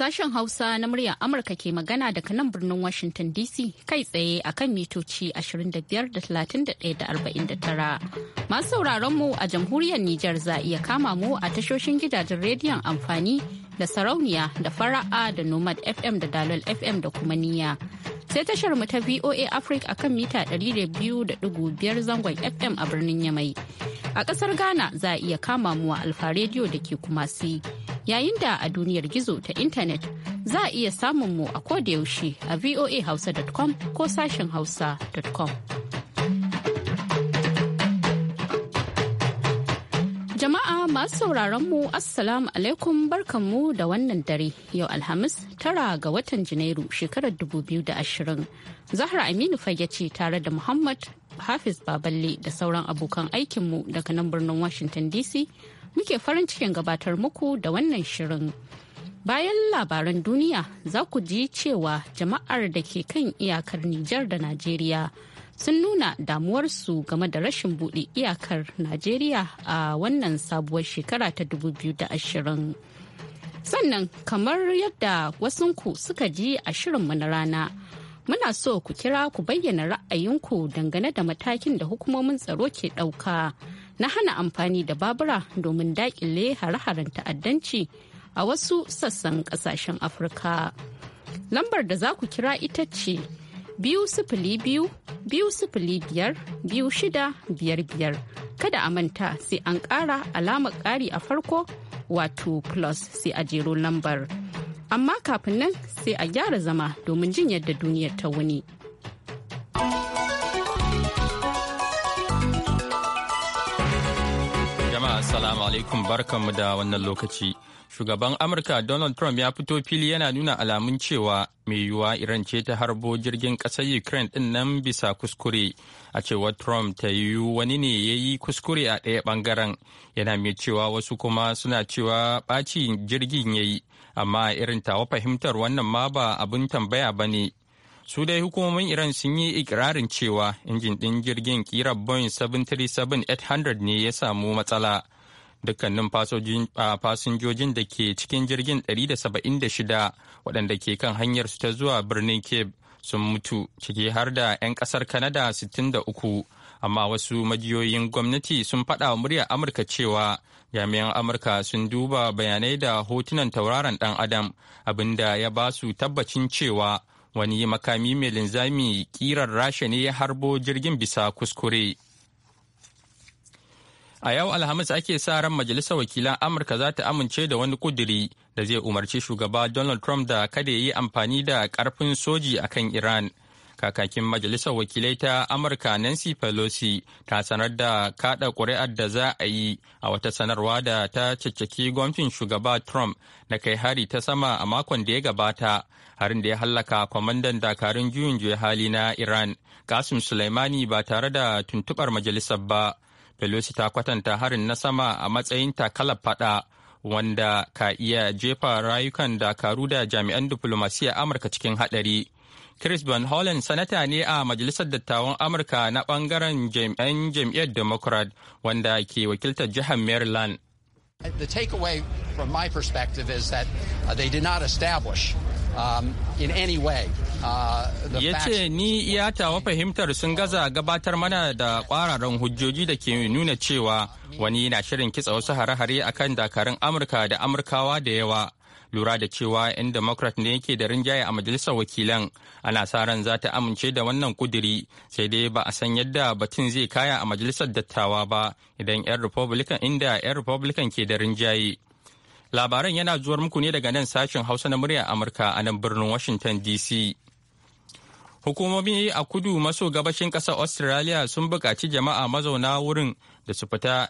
Sashen Hausa na muryar Amurka ke magana daga nan birnin Washington DC kai tsaye a kan mitoci 25 da 31 da 49. Masu sauraron mu a jamhuriyar Nijar za iya kama mu a tashoshin gidajen rediyon amfani da sarauniya da fara'a da nomad FM da dalol FM da kuma niya. Sai tashar mu ta VOA Africa akan mita 200.5 zangon FM a birnin Yamai. A ƙasar Ghana za a iya kama mu a Alfa rediyo da ke Kumasi. yayin da a duniyar gizo ta intanet za a iya samun mu a yaushe a voahausa.com ko sashen hausa.com. Jama'a masu sauraron mu Assalamu alaikum barkanmu da wannan dare yau Alhamis tara ga watan Janairu shekarar 2020. Zahra Aminu fage ce tare da Muhammad Hafiz Baballe da sauran abokan aikinmu daga nan birnin Washington DC muke farin cikin gabatar muku da wannan shirin. Bayan labaran duniya za ku ji cewa jama'ar da ke kan iyakar Nijar da Najeriya sun nuna damuwarsu game da rashin buɗe iyakar Najeriya a wannan sabuwar shekara ta 2020. Sannan kamar yadda wasunku suka ji a shirinmu na rana. Muna so ku kira ku bayyana ra'ayinku dangane da matakin da hukumomin tsaro ke ɗauka na hana amfani da babura domin daƙile hare-haren ta'addanci a wasu sassan ƙasashen Afirka. Lambar da za ku kira ita ce biyu sifili biyu biyu sifili biyar biyu shida biyar biyar kada a manta sai an ƙara alamar ƙari a farko wato plus sai a jero lambar. amma kafin nan sai a gyara zama domin jin yadda duniyar ta wuni. Jama'a Assalamu alaikum barkanmu da wannan lokaci. Shugaban Amurka Donald Trump ya fito fili yana nuna alamun cewa mai yiwuwa Iran ce ta harbo jirgin ƙasar Ukraine ɗin nan bisa kuskure. A cewar Trump ta yiwu wani ne ya yi kuskure a ɗaya ɓangaren. Yana mai cewa wasu kuma suna cewa ɓacin jirgin ya yi. amma irin tawa fahimtar wannan ma ba abin tambaya ba ne su dai hukumomin iran sun yi ikirarin cewa injin ɗin jirgin kira boeing 737-800 ne ya samu matsala dukkanin fasinjojin da ke cikin jirgin 176 waɗanda ke kan hanyar su ta zuwa birnin cape sun mutu ciki har da 'yan ƙasar canada 63 amma wasu majiyoyin gwamnati sun faɗa wa muryar amurka cewa jami'an amurka sun duba bayanai da hotunan tauraron dan adam abinda ya ba su tabbacin cewa wani makami mai linzami kirar rasha ne ya harbo jirgin bisa kuskure a yau alhamis ake sa ran majalisar wakilan amurka za ta amince da wani kuduri da zai umarci shugaba donald trump da kada ya yi amfani da karfin soji akan iran kakakin majalisar wakilai ta amurka nancy pelosi ta sanar da kada kuri'ar da za a yi a wata sanarwa da ta cicciki gwamnatin shugaba trump na kai hari ta sama a makon da ya gabata harin da ya hallaka kwamandan dakarun juyin juya hali na iran kasim suleimani ba tare da tuntubar majalisar ba pelosi ta kwatanta harin na sama a matsayin takalar fada wanda ka iya jefa rayukan dakaru da jami'an diflomasiyyar amurka cikin haɗari. Chris Van Hollen sanata ne a Majalisar Dattawan Amurka na bangaren jam'iyyar jam'iyyar Democrat wanda ke wakiltar jihar Maryland. The takeaway from my perspective is that uh, they did not establish um, in any way. Uh, ya ce ni iya tawa fahimtar sun gaza gabatar mana da kwararan hujjoji da ke nuna cewa wani na shirin kitsa wasu hare-hare akan dakarun Amurka da Amurkawa da yawa. lura da cewa 'yan democrat ne yake da rinjaye a majalisar wakilan ana sa ran za ta amince da wannan kuduri sai dai ba a san yadda batun zai kaya a majalisar dattawa ba idan 'yan republican inda 'yan republican ke da rinjaye labaran yana zuwar muku ne daga nan sashin hausa na muryar amurka a nan birnin washington dc hukumomi a kudu maso gabashin ƙasar australia sun buƙaci jama'a mazauna wurin da su fita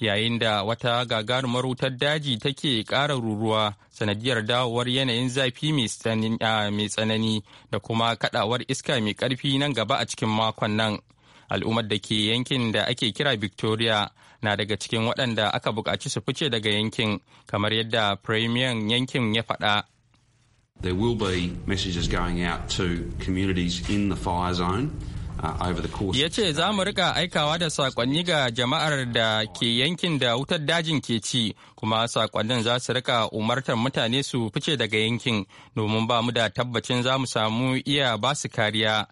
yayin da wata gagarumar wutar daji take ƙara ruruwa sanadiyar dawowar yanayin zafi mai tsanani da kuma kadawar iska mai karfi nan gaba a cikin makon nan al'ummar da ke yankin da ake kira victoria na daga cikin waɗanda aka buƙaci su fice daga yankin kamar yadda premier yankin ya faɗa There will be messages going out to communities in the fire zone. ya ce za mu rika aikawa da sakonni ga jama'ar da ke yankin da wutar dajin ke ci kuma sakonnin za su rika umartar mutane su fice daga yankin domin ba mu da tabbacin za mu samu iya ba su kariya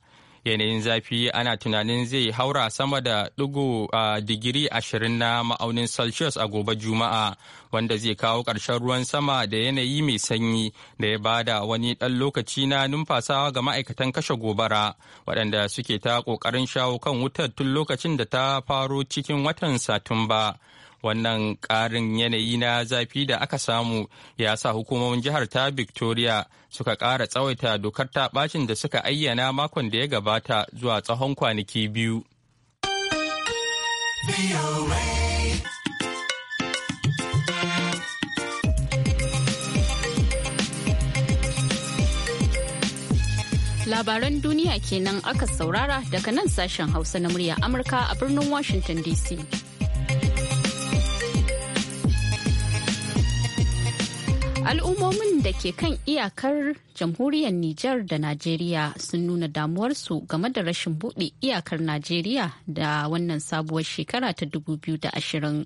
yanayin zafi ana tunanin zai haura sama da ɗigo a digiri ashirin na ma'aunin celsius a gobe juma'a wanda zai kawo ƙarshen ruwan sama da yanayi mai sanyi da ya bada wani ɗan lokaci na numfasawa ga ma'aikatan kashe gobara waɗanda suke ta ƙoƙarin shawo kan wutar tun lokacin da ta faro cikin watan satumba. wannan ƙarin yanayi na zafi da aka samu ya sa hukumomin jihar ta victoria suka ƙara tsawaita dokar ta ɓacin da suka ayyana makon da ya gabata zuwa tsawon kwanaki biyu Labaran duniya kenan aka saurara daga nan sashen Hausa na murya Amurka a birnin Washington DC. Al'ummomin da ke kan iyakar jamhuriyar Nijar da Najeriya sun nuna damuwarsu game da rashin buɗe iyakar Najeriya da wannan sabuwar shekara ta 2020.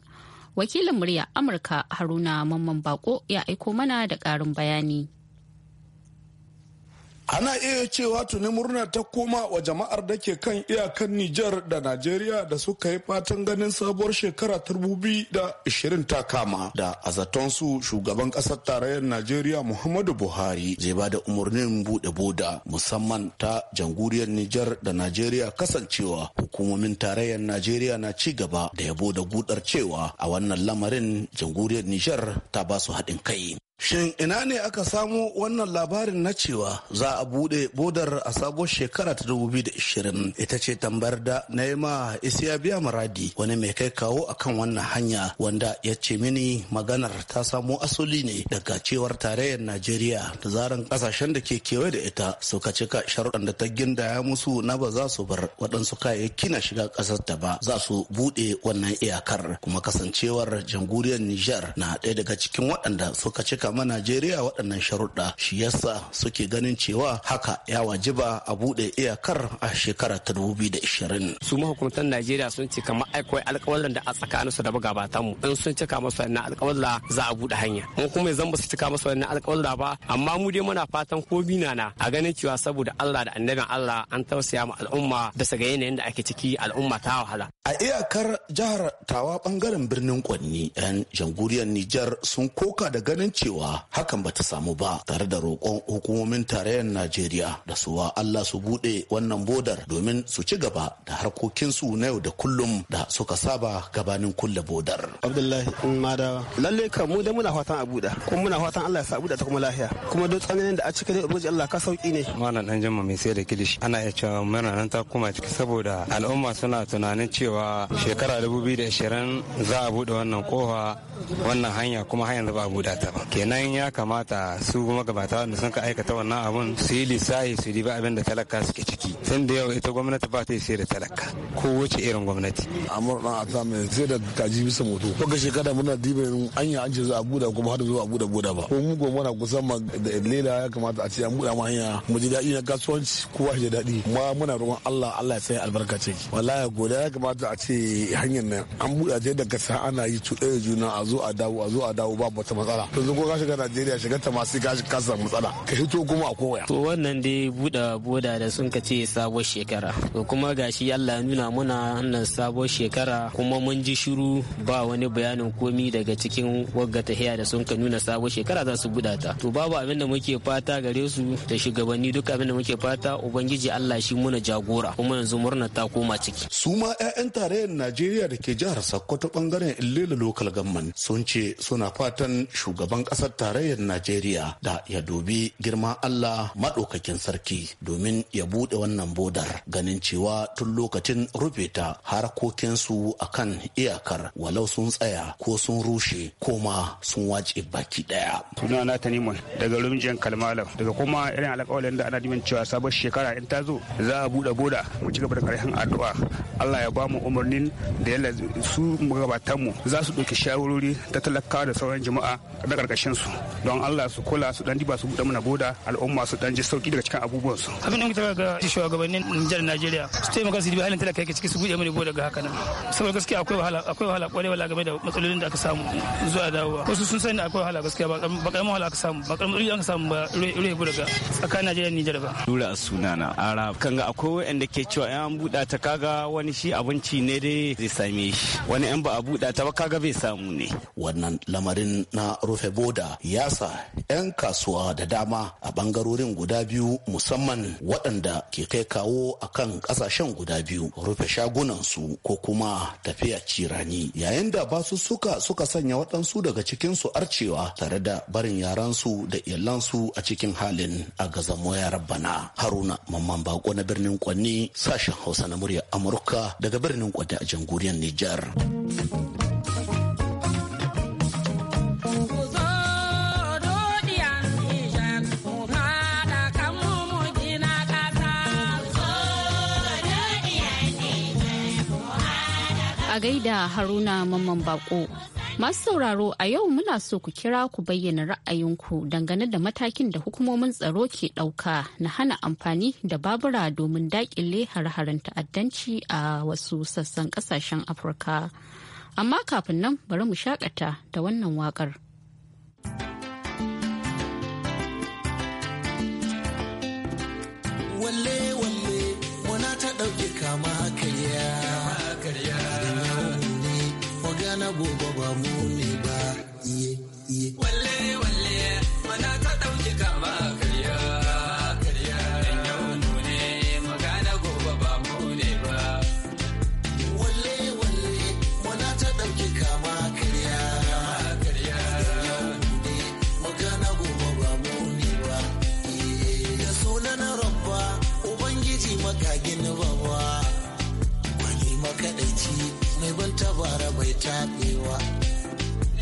Wakilin murya Amurka Haruna Mamman Bako ya aiko mana da ƙarin bayani. ana iya cewa tuni murna ta koma wa jama'ar da ke kan iyakan Nijar da Najeriya da suka yi fatan ganin sabuwar shekara ta da ishirin ta kama da a su shugaban ƙasar tarayyar Najeriya Muhammadu Buhari zai ba da umarnin buɗe boda musamman ta jamhuriyar Nijar da Najeriya kasancewa hukumomin tarayyar Najeriya na ci gaba da yabo da gudar cewa a wannan lamarin jamhuriyar Nijar ta ba su haɗin kai. Shin ina ne aka samo wannan labarin na cewa za a bude bodar a sabuwar shekara ta 2020 ita ce tambayar da na yi ma isiya biya maradi wani mai kai kawo akan wannan hanya wanda ya ce mini maganar ta samo asali ne daga cewar tarayyar Najeriya da zaran kasashen da ke kewaye da ita suka cika sharuɗan da ta gindaya musu na ba za su bar waɗansu kayayyaki na shiga ƙasar ta ba za su bude wannan iyakar kuma kasancewar jamhuriyar Niger na ɗaya daga cikin waɗanda suka cika saka ma Najeriya waɗannan sharuɗa shi yasa suke ganin cewa haka ya wajiba a buɗe iyakar a shekara ta 2020. Su mahukuntan Najeriya sun ce kamar akwai alƙawarin da a tsakaninsu da bata mu in sun cika masu wannan alƙawarla za a buɗe hanya. Mun kuma zan ba su cika masu wannan alƙawarla ba amma mu dai muna fatan ko bina na a ganin cewa saboda Allah da annabin Allah an tausaya ma al'umma da ga yanayin da ake ciki al'umma ta wahala. A iyakar jihar Tawa bangaren birnin Kwanni 'yan jamhuriyar Nijar sun koka da ganin cewa cewa hakan ba ta samu ba tare da roƙon hukumomin tarayyar Najeriya da suwa Allah su buɗe wannan bodar domin su ci gaba da harkokinsu na yau da kullum da suka saba gabanin kulle bodar. Abdullahi Madawa. Lalle kan mu da muna fatan a buɗa kuma muna fatan Allah ya sa buɗa ta kuma lafiya kuma don tsananin da a cikin dai ubangiji Allah ka sauki ne. Malam dan jama mai sai da kilishi ana iya cewa mana nan ta kuma ciki saboda al'umma suna tunanin cewa shekara 2020 za a buɗe wannan kofa wannan hanya kuma har yanzu ba a buɗa ta ba. kenan ya kamata su gabata wanda sun ka aikata wannan abun su yi lissahi su diba abin da talaka suke ciki tun da yau ita gwamnati ba ta sai da talaka ko wace irin gwamnati amur dan ata mai sai da kaji bisa moto ga shekara muna dibin anya an ce za a buda kuma har zuwa buda buda ba ko mu goma na kusan da lela ya kamata a ce an buda ma hanya mu ji daɗi na kasuwanci kowa ya daɗi kuma muna roƙon Allah Allah ya sai albarka ce wallahi goda ya kamata a ce hanyar nan an buda ta da kasa ana yi cuɗe eh, juna a zo a dawo a zo a dawo babu wata matsala to ka shiga najeriya shiga ta masu ka shiga kasa matsala ka hito kuma a kowaya to wannan dai buɗe boda da sun ka ce sabuwar shekara to kuma gashi allah ya nuna muna wannan sabuwar shekara kuma mun ji shiru ba wani bayanin komi daga cikin wagga hiya da sun ka nuna sabuwar shekara za su buɗa ta to babu abin da muke fata gare su da shugabanni duk abin da muke fata ubangiji allah shi muna jagora kuma yanzu murna ta koma ciki su ma 'ya'yan tarayyar najeriya da ke jihar sokoto bangaren illela lokal Government sun ce suna fatan shugaban kasa ƙasar tarayyar Najeriya da ya dubi girma Allah maɗaukakin sarki domin ya buɗe wannan bodar ganin cewa tun lokacin rufe ta harkokinsu a kan iyakar walau sun tsaya ko sun rushe ko ma sun wace baki ɗaya. Sunana Tanimun daga rumjin Kalmalam daga kuma irin alƙawalin da ana dimin cewa sabon shekara in ta zo za a buɗe boda mu ci gaba da karshen addu'a Allah ya ba mu umarnin da yalla su mu za su ɗauki shawarori ta talakawa da sauran jama'a da ƙarƙashin su don Allah su kula su dan diba su buɗe mana boda al'umma su dan ji sauki daga cikin abubuwan su abin da muke ga shugabannin Nijar Najeriya su taimaka su dibi halin talaka yake ciki su buɗe mana boda ga haka nan saboda gaskiya akwai wahala akwai wahala kwarai wala game da matsalolin da aka samu zuwa dawowa wasu sun sani akwai wahala gaskiya ba karamin wahala aka samu ba karamin aka samu ba ruhe bu daga tsakanin Najeriya da Nijar ba dura sunana arab kan ga akwai wanda ke cewa an buɗa ta kaga wani shi abinci ne dai zai same shi wani yan ba a buɗa ta ba kaga bai samu ne wannan lamarin na rufe boda da ya 'yan kasuwa da dama a bangarorin guda biyu musamman waɗanda ke kai kawo a kan ƙasashen guda biyu rufe shagunansu ko kuma tafiya cirani yayin da basussuka suka sanya waɗansu daga cikinsu arcewa tare da barin yaransu da iyalansu a cikin halin a gazamo ya rabbana haruna mamman bako na birnin kwanni sashen hausa na murya amurka daga birnin kwanni a jamhuriyar nijar a gaida haruna mamman bako. Masu sauraro a yau muna so ku kira ku bayyana ra'ayinku dangane da matakin da hukumomin tsaro ke ɗauka na hana amfani da babura domin daƙile har-haren ta'addanci a wasu sassan ƙasashen Afirka. Amma kafin nan bari mu shakata da wannan waƙar. taɓewa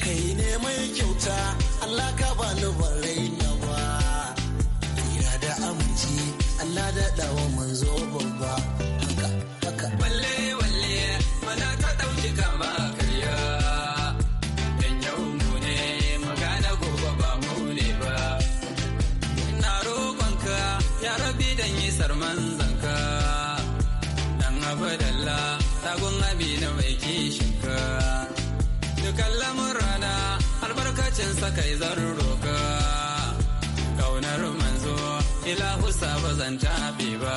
kai ne mai kyauta Allah ka bani bare kai zan roka ƙaunar manzo ila husa ba zan taɓe ba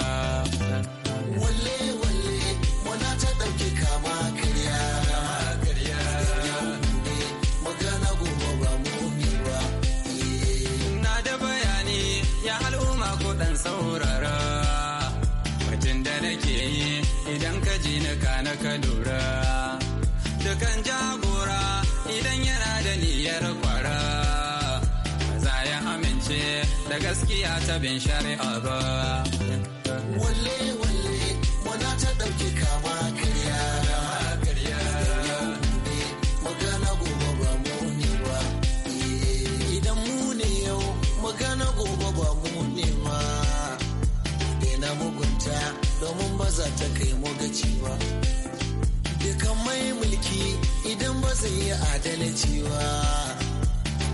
kama karya magana ba ba da bayani ya al'umma ko saurara mutum da nake yi idan ka ji na dukan jagora idan yana da niyyar da gaskiya ta bin shari'a ba. Walle walle wana ta ɗauki kama karya. Magana gobe ba mu ne Idan mu ne yau magana gobe ba mu ne ba. mugunta domin ba ta kai mu gaci ba. Dukan mulki idan ba zai yi adalci ba.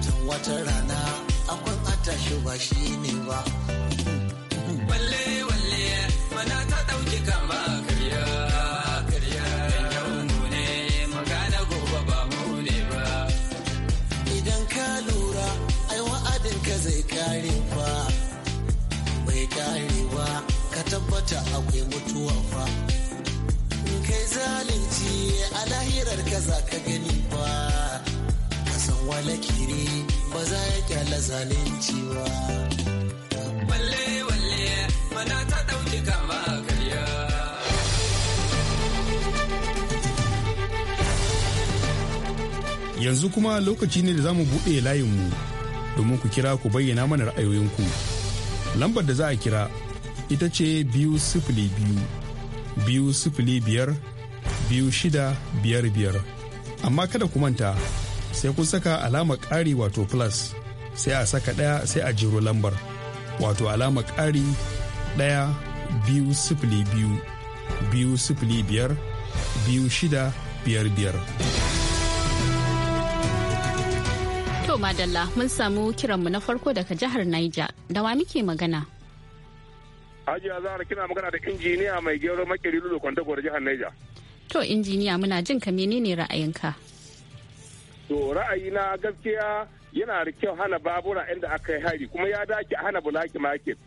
Tun wata rana ta shi ba shi ne ba. Walle walle mana ta ɗauki kama karya karya. Yau mu ne magana gobe ba mu ne ba. Idan ka lura ai wa'adin ka zai kare fa. Bai kare ba ka tabbata akwai mutuwa fa. Kai zalunci a lahirar ka za ka gani. wala kiri ba ya kyala zalunci ba. Walle walle mana ta ɗauki kama karya. Yanzu kuma lokaci ne da za mu buɗe layinmu domin ku kira ku bayyana mana ra'ayoyinku. Lambar da za a kira ita ce biyu sifili biyu biyu sifili biyar biyu shida biyar biyar amma kada ku manta sai kun saka alama ƙari wato plus sai a saka ɗaya sai a jiro lambar wato alama ƙari ɗaya biyu sifili biyu biyu sifili biyar biyu shida biyar biyar. To Madalla mun samu kiran mu na farko daga jihar Niger da wa muke magana. Hajiya a kina magana da injiniya mai gero makeri lulu kwanta jihar Niger. To injiniya muna jin ka menene ra'ayinka? to ra'ayina gaskiya yana da kyau hana babura inda aka yi hari kuma ya dace a hana bulaki market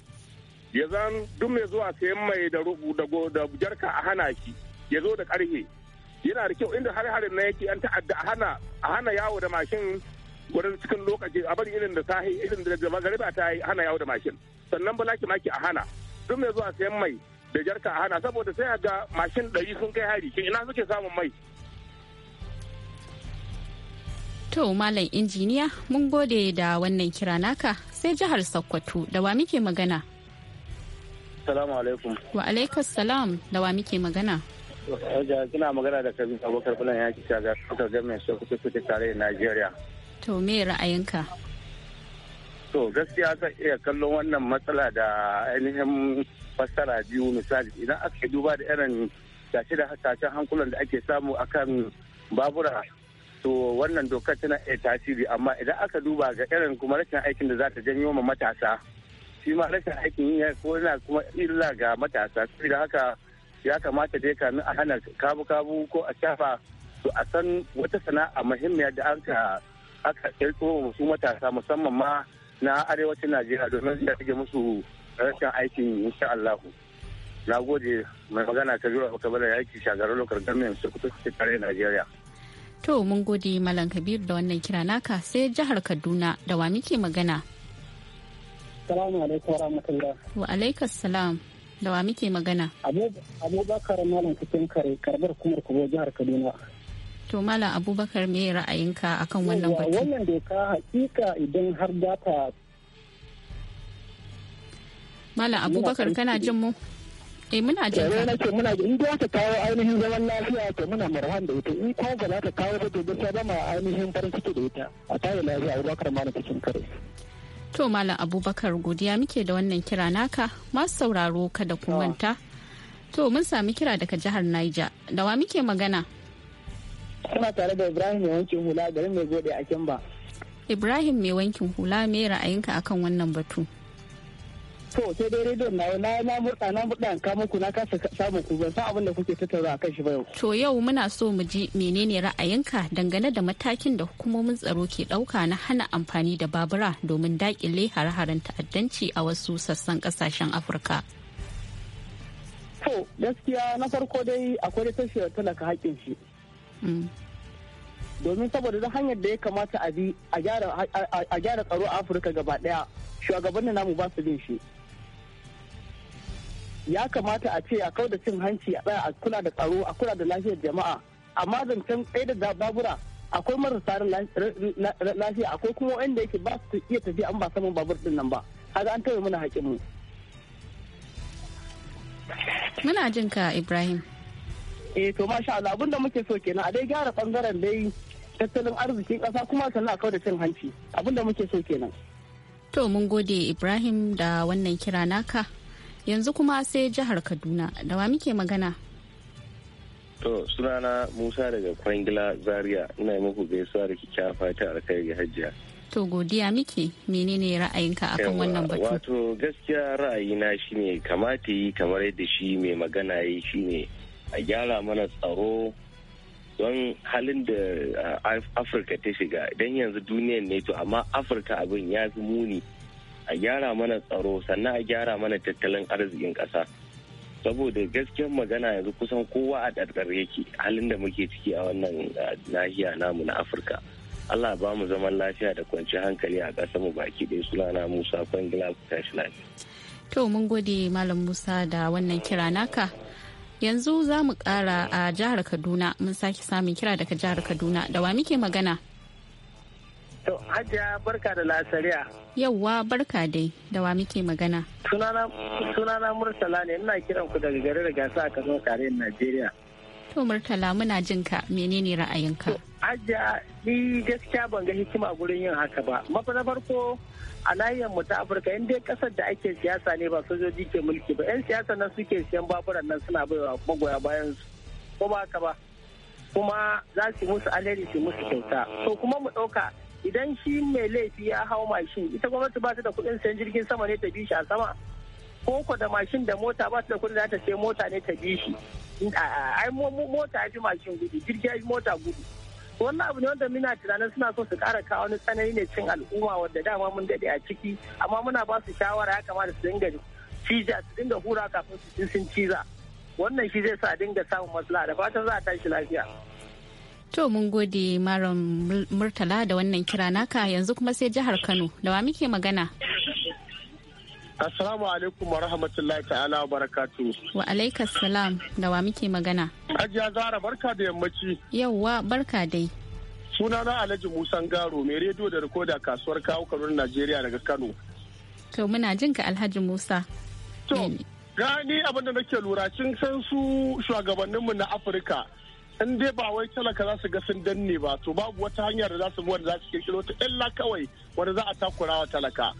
ya zan duk mai zuwa sayan mai da rubu da jarka a hana shi ya zo da karhe yana da kyau inda har harin na yake an ta'adda a hana a hana yawo da mashin wurin cikin lokaci a bari irin da sahi irin da magariba ta yi hana yawo da mashin sannan bulaki maki a hana duk mai zuwa sayan mai da jarka a hana saboda sai ga mashin ɗari sun kai hari shin ina suke samun mai To Malam Injiniya mun gode da wannan kira naka sai jihar Sokoto da wa muke magana? Salamu alaikum. Wa alaikas salam da wa muke magana? Kina magana da Kabir Abubakar Bulan yaki shaga suka gamin Sokoto suke tare da Najeriya. To me ra'ayinka? To gaskiya ka iya kallon wannan matsala da ainihin fassara biyu misali idan aka duba da irin tashi da hankulan da ake samu akan babura to wannan dokar tana iya tasiri amma idan aka duba ga irin kuma rashin aikin da za ta janyo ma matasa shi ma rashin aikin yi ko yana kuma illa ga matasa saboda haka ya kamata dai kamin a hana kabu-kabu ko a shafa to a san wata sana'a muhimmiyar da an aka aka kirko su matasa musamman ma na arewacin najeriya domin da rage musu rashin aikin insha allahu na gode mai magana ta ka bada yaki shagarar lokar gamin su kuta tare najeriya To mun gode Malam kabir da wannan kira naka sai jihar Kaduna da wa muke magana. Salamu alaikum rahmatullah. Wa alaikas salam. Da wa muke magana? Abubakar Malam cikin kare karbar kuma kubo jihar Kaduna. To Malam Abubakar me ra'ayinka akan wannan batu? Wannan doka hakika idan har data Malam Abubakar kana jin mu? eh muna jin ka nake muna in za ta kawo ainihin zaman lafiya to muna marhan da ita in ko ga za ta kawo ta to ta zama ainihin farin ciki da ita a tare lafiya Abubakar na cikin kare to Malam Abubakar godiya muke da wannan kira naka masu sauraro kada ku ah. manta to mun sami kira daga jihar Niger da wa muke magana Kuna tare da Ibrahim mai wankin hula garin mai gode a Kimba Ibrahim mai wankin hula me ra'ayinka akan wannan batu To sai dai rediyon na na na murɗa na murɗa ka muku na kasa samun ku ban san abin da kuke tattauna a kan shi ba yau. To yau muna so mu ji menene ra'ayinka dangane da matakin da hukumomin tsaro ke ɗauka na hana amfani da babura domin daƙile hare-haren ta'addanci a wasu sassan ƙasashen Afirka. To gaskiya na farko dai akwai da tashiyar talaka haƙƙin shi. Mm. domin saboda da hanyar da ya kamata a bi a gyara tsaro a afirka gaba daya shugabannin namu ba su bin shi ya kamata a ce a kau da cin hanci a tsaya a kula da tsaro a kula da lafiyar jama'a amma zancen tsaye da babura akwai marasa lafiya akwai kuma wanda yake ba su iya tafiya an ba saman babur din nan ba kaga an tawaye mana haƙin mu muna jin ka ibrahim eh to masha Allah abinda muke so kenan a dai gyara bangaren dai tattalin arzikin ƙasa kuma sannan a kau da cin hanci abinda muke so kenan to mun gode ibrahim da wannan kira naka yanzu kuma sai jihar kaduna da wa muke magana to sunana musa daga kwangila zaria ina muku gaisuwa da kyakkyawa fata alkhairi hajjiya to godiya miki menene ra'ayinka akan wannan batu wato gaskiya ra'ayina shine kamata yi kamar yadda shi mai magana yi shine a gyara mana tsaro don halin da uh, afirka ta shiga don yanzu duniyan ne to amma afirka abin ya fi muni a gyara mana tsaro sannan a gyara mana tattalin arzikin ƙasa saboda gaskiyar magana yanzu kusan kowa a ɗarɗar yake halin da muke ciki a wannan nahiya namu na afirka allah ba mu zaman lafiya da kwanciyar hankali a ƙasar mu baki ɗaya sunana musa kwangila ku tashi lafiya to mun gode malam musa da wannan kira naka yanzu za mu ƙara a jihar kaduna mun sake samun kira daga jihar kaduna da wa muke magana To, Hajiya barka da lasariya. Yauwa barka dai, da wa muke magana. Sunana Murtala ne, ina kiran ku daga garin gasa a Kano tarayyar Najeriya. To Murtala muna jin ka menene ra'ayinka? Hajiya ni gaskiya ban ga hikima gurin yin haka ba. Mafi na farko a nahiyar mu ta Afirka in dai kasar da ake siyasa ne ba sojoji ke mulki ba. 'Yan siyasa nan suke siyan baburan nan suna baiwa magoya bayan su. Ko ba haka ba. Kuma za su musu alheri su musu kyauta. To kuma mu ɗauka idan shi mai laifi ya hau mashin ita gwamnati ba ta da kuɗin sayan jirgin sama ne ta bi shi a sama ko ko da mashin da mota ba ta da kuɗin da ta sai mota ne ta bi shi ai mota ya fi mashin gudu jirgi ya fi mota gudu wannan abu ne wanda muna tunanin suna so su kara kawo wani tsanani ne cin al'umma wanda dama mun dade a ciki amma muna ba su shawara ya kamata su dinga ciza su dinga hura kafin su sun ciza wannan shi zai sa dinga samun matsala da fatan za a tashi lafiya. To mun gode Maron Murtala da wannan kira naka yanzu kuma sai jihar Kano da wa muke magana. Assalamu alaikum wa rahmatullahi ta'ala wa barakatu. Wa alaikas salam da wa muke magana. Ajiya Zara barka da yammaci. Yawwa barka dai. Suna na Alhaji Musan Garo mai rediyo da rikoda kasuwar kawo Kaduna Najeriya daga Kano. To muna jin ka Alhaji Musa. To gani abin da nake lura cin san su shugabanninmu na Afirka in dai ba wai talaka za su ga sun danne ba to babu wata hanyar da za su wanda za su kirkiro ta illa kawai wanda za a takura wa talaka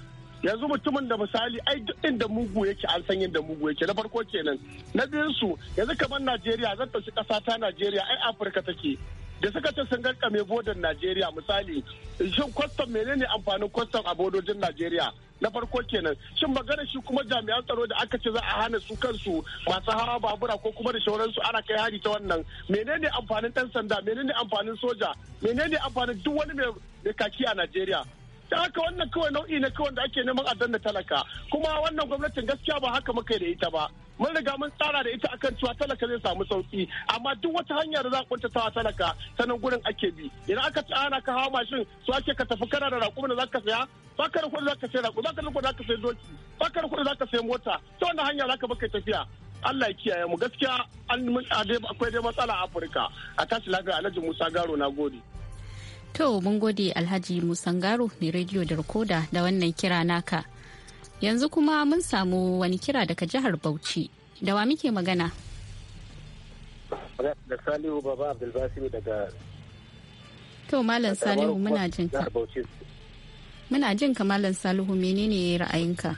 yanzu mutumin da misali ai duk inda mugu yake an san yadda mugu yake na farko kenan na biyun su yanzu kamar Najeriya zan ɗauki ƙasa ta Najeriya ai Afirka take da suka ce sun garkame bodar najeriya misali shin kwastam menene amfanin kwastam a bodojin najeriya na farko kenan shin magana shi kuma jami'an tsaro da aka ce za a hana su kansu masu hawa babura ko kuma da shauransu ana kai hari ta wannan menene amfanin dan sanda menene amfanin soja menene amfanin duk wani mai kaki a najeriya da haka wannan kawai nau'i na kawai da ake neman a danna talaka kuma wannan gwamnatin gaskiya ba haka muka da ita ba mun riga mun tsara da ita akan cewa talaka zai samu sauki amma duk wata hanya da za a tawa talaka sanan gurin ake bi idan aka ci ana ka hawa mashin su ake ka tafi kana da raƙumin da zaka saya baka da kuɗi zaka sai raƙumi baka da za zaka sai doki baka da kuɗi zaka sai mota ta wannan hanya zaka baka tafiya Allah ya kiyaye mu gaskiya akwai dai matsala a Afirka a tashi lafiya Alhaji Musa Garo na gode. To mun gode Alhaji Musangaro mai rediyo da rikoda da wannan kira naka. Yanzu kuma mun samu wani kira daga jihar Bauchi. Da wa muke magana? Da Salihu Baba Abdulbasiru daga To Malam Salihu muna jin ka. Muna jin ka Malam Salihu menene ra'ayinka?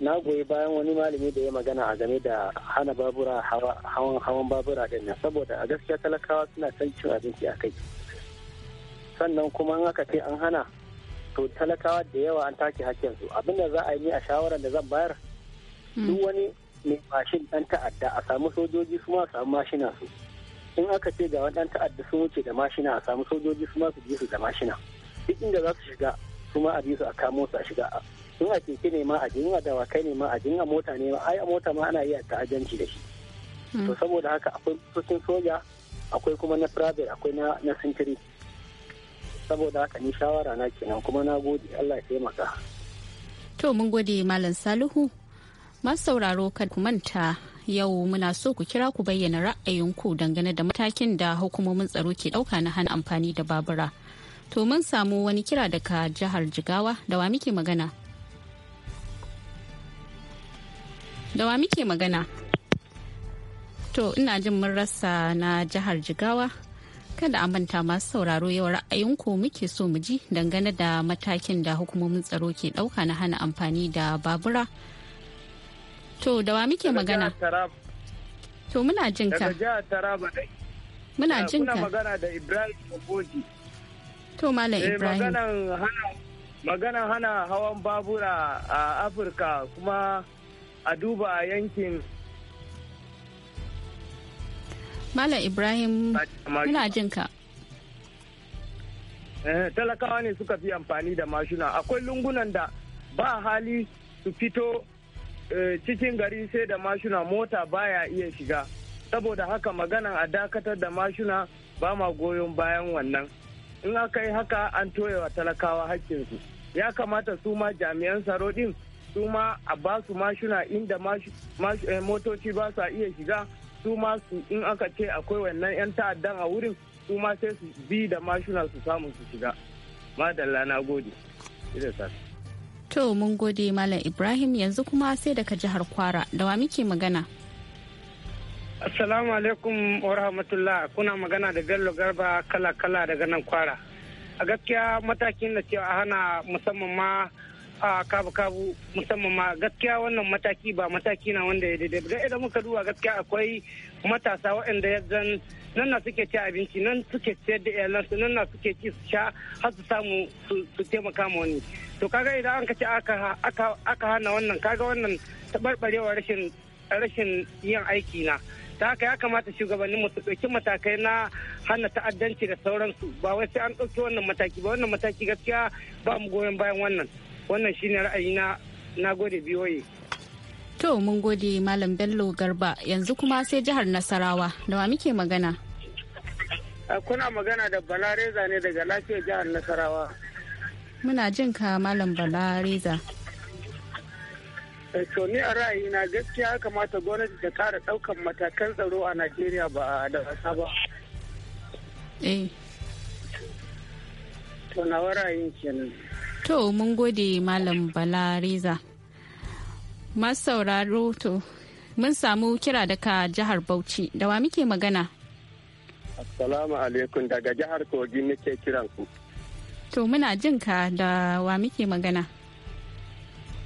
Na goyi bayan wani malami da ya magana a game da hana babura hawan hawan babura din saboda a gaskiya talakawa suna son cin abinci a kai. sannan kuma in aka ce an hana to talakawa da yawa an take hakkin su abinda za a yi a shawarar da zan bayar hmm. duk wani mai mashin dan ta'adda a samu sojoji su ma samu mashina su in aka ce ga wani ta'adda sun wuce da mashina a samu sojoji su ma su je su da mashina duk inda za su shiga su ma a bi su a kamo su a shiga in a keke ne ma a jin a dawakai ne ma a jin a mota ne ma ai a mota ma ana iya ta'ajanci da shi hmm. to saboda haka akwai motocin soja akwai kuma na private akwai na sintiri saboda haka ni shawara na kenan kuma na gode Allah ya taimaka to mun gode malam salihu masu sauraro kan ku manta yau muna so ku kira ku bayyana ra'ayinku dangane da matakin da hukumomin tsaro ke dauka na hana amfani da babura to mun samu wani kira daga jihar jigawa da wa muke magana da wa muke magana to ina jin mun rasa na jihar jigawa kada a manta masu sauraro yau ra'ayinku muke so mu ji dangane da matakin da hukumomin tsaro ke ɗauka na hana amfani da babura. To da wa muke magana? To muna jin ka. Muna ah, jin ka. magana da Ibrahim Ogoji. To Malam eh, Ibrahim. Maganan hana hawan babura a Afirka kuma a duba yankin Malam Ibrahim muna jin ka. Eh, talakawa ne suka fi amfani da mashina akwai lungunan da ba hali su fito eh, cikin gari sai da mashina mota baya iya shiga saboda haka maganan a dakatar da mashina ba ma goyon bayan wannan in aka yi haka an toyewa talakawa hakkinsu ya kamata su ma jami'an tsaro din su ma a ba su mashina inda eh, motoci ba sa iya shiga su ma su in aka ce akwai wannan 'yan ta'addan a wurin su ma sai su bi da mashina su samu su shiga madalla na gode to mun gode malam ibrahim yanzu kuma sai daga jihar kwara da wa muke magana assalamu alaikum wa rahmatullah kuna magana da bello garba kala kala daga nan kwara a gaskiya matakin da cewa hana musamman ma a kabu-kabu musamman ma gaskiya wannan mataki ba mataki na wanda ya daidai ba idan muka duba gaskiya akwai matasa waɗanda ya zan nan na suke ci abinci nan suke siyar da iyalansu nan na suke ci su sha har su samu su taimaka ma wani to kaga idan an kace aka hana wannan kaga wannan taɓarɓarewa rashin rashin yin aiki na ta haka ya kamata shugabannin mu su ɗauki matakai na hana ta'addanci da sauransu ba wai sai an ɗauki wannan mataki ba wannan mataki gaskiya ba mu goyon bayan wannan wannan shine ra'ayi na gode biyoyi to mun gode malam bello garba yanzu kuma sai jihar nasarawa da wa muke magana kuna magana da balareza ne daga lafiyar jihar nasarawa muna jin ka malam balareza eh, to ni a ra'ayina gaskiya kamata gwamnati ta kara daukan matakan tsaro a najeriya ba da wasa ba eh to na ra'ayin kenan To mun gode Malam Bala Reza. Masu sauraro to mun samu kira daga jihar Bauchi da wa muke magana? Assalamu alaikum daga jihar Kogi muke kiran ku. To muna jin ka da wa muke magana?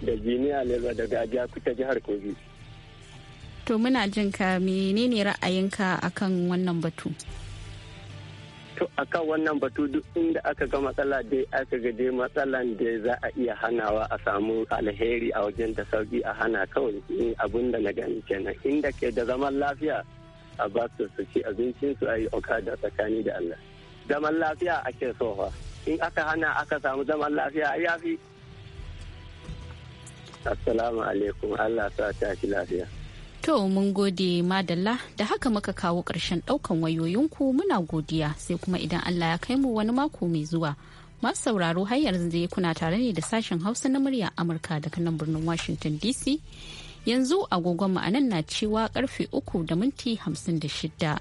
Da jiniya ne daga kuka jihar Kogi. To muna jin ka menene ra'ayinka akan wannan batu? to akan wannan batu duk inda aka ga matsala dai aka ga dai matsalan da za a iya hanawa a samu alheri a wajen da sauki a hana kawai in abun da na gani kenan inda ke da zaman lafiya a ba su su abincin su a yi okada tsakani da Allah zaman lafiya ake so fa in aka hana aka samu zaman lafiya ya fi assalamu alaikum Allah sa ta lafiya To mun gode madalla da haka muka kawo ƙarshen ɗaukan wayoyinku muna godiya sai kuma idan Allah ya kai mu wani mako mai zuwa. Masu sauraro har yanzu zai kuna tare ne da sashen Hausa na murya Amurka daga nan birnin Washington DC. Yanzu agogon mu na cewa karfe uku da minti hamsin da shida.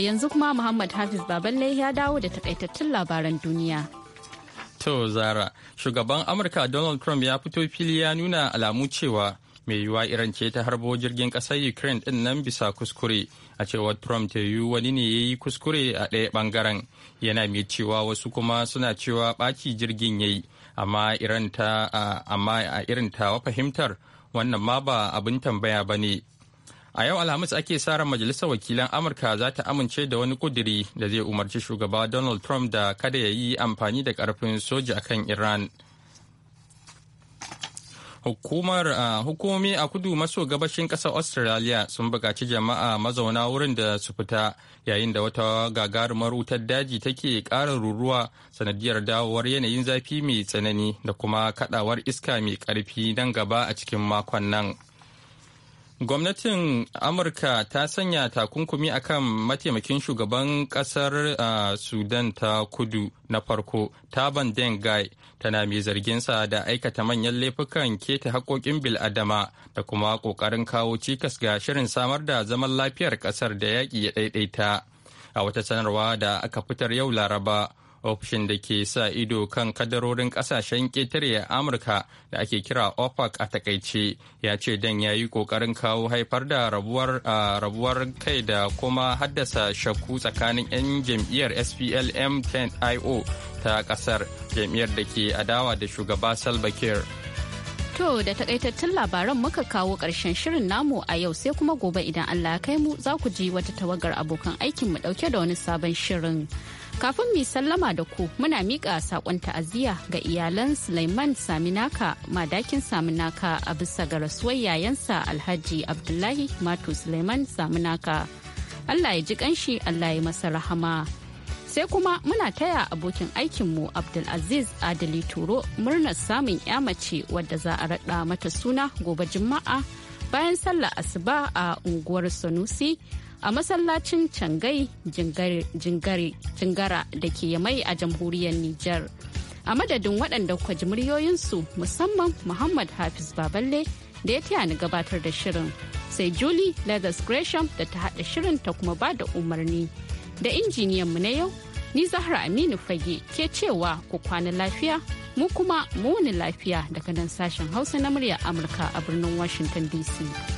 yanzu kuma Muhammad Hafiz Baballe ya dawo da takaitattun labaran duniya. To Zara, shugaban Amurka Donald Trump ya fito fili ya nuna alamu cewa mai yiwuwa Iran ce ta harbo jirgin ƙasar Ukraine ɗin nan bisa kuskure. A cewar Trump ta yiwu wani ne ya yi kuskure a ɗaya bangaren Yana mai cewa wasu kuma suna cewa ɓaci jirgin ya yi. Amma a irin ta fahimtar wannan ma ba abin tambaya ba ne. A yau Alhamis ake sa ran Majalisar Wakilan Amurka za ta amince da wani kuduri da zai umarci shugaba Donald Trump da kada ya yi amfani da karfin soja akan Iran. Hukumar uh, hukumomi a kudu maso gabashin ƙasar Australia sun buƙaci jama'a mazauna wurin da su fita yayin da wata gagarumar wutar daji take ƙara ruruwa sanadiyar dawowar yanayin zafi mai tsanani da kuma kaɗawar iska mai ƙarfi nan gaba a cikin makon nan. Gwamnatin Amurka ta sanya takunkumi akan mataimakin shugaban kasar Sudan ta kudu na farko, Taban Dengai, tana mai zarginsa da aikata manyan laifukan keta haƙoƙin bil'adama da kuma ƙoƙarin kawo cikas ga shirin samar da zaman lafiyar kasar da yaƙi ya ɗaiɗaita. A wata sanarwa da aka fitar yau Laraba. ofishin da ke sa ido kan kadarorin kasashen ketare a amurka da ake kira opec a takaice ya ce dan ya yi kokarin kawo haifar da rabuwar kai da kuma haddasa shakku tsakanin 'yan jam'iyyar splm 10 io ta kasar jam'iyyar da ke adawa da shugaba salva To da takaitattun labaran muka kawo karshen shirin namu a yau sai kuma gobe idan Allah ya kai mu za ku ji wata tawagar abokan aikin mu ɗauke da wani sabon shirin. Kafin mu sallama da ku muna miƙa saƙon ta'aziyya ga iyalan Sulaiman Saminaka madakin Saminaka a bisa ga rasuwar yayansa Alhaji Abdullahi Mato Sulaiman Saminaka. Allah ya ji kanshi Allah ya masa rahama. Sai kuma muna taya abokin aikinmu Abdulaziz Adali Turo murnar samun mace wadda za a raɗa mata suna gobe Juma'a. bayan sallah asuba a unguwar sanusi a masallacin cangai jingara da ke yamai a jamhuriyar niger a madadin waɗanda kwaji muryoyinsu musamman muhammad hafiz baballe da ya taya ni gabatar da shirin sai julie leathers gresham da ta haɗa shirin ta kuma ba da umarni da injiniyanmu na yau Ni Zahra Aminu Fage ke cewa ku kwana lafiya, mu kuma muni lafiya daga nan sashen Hausa na murya Amurka a birnin Washington DC.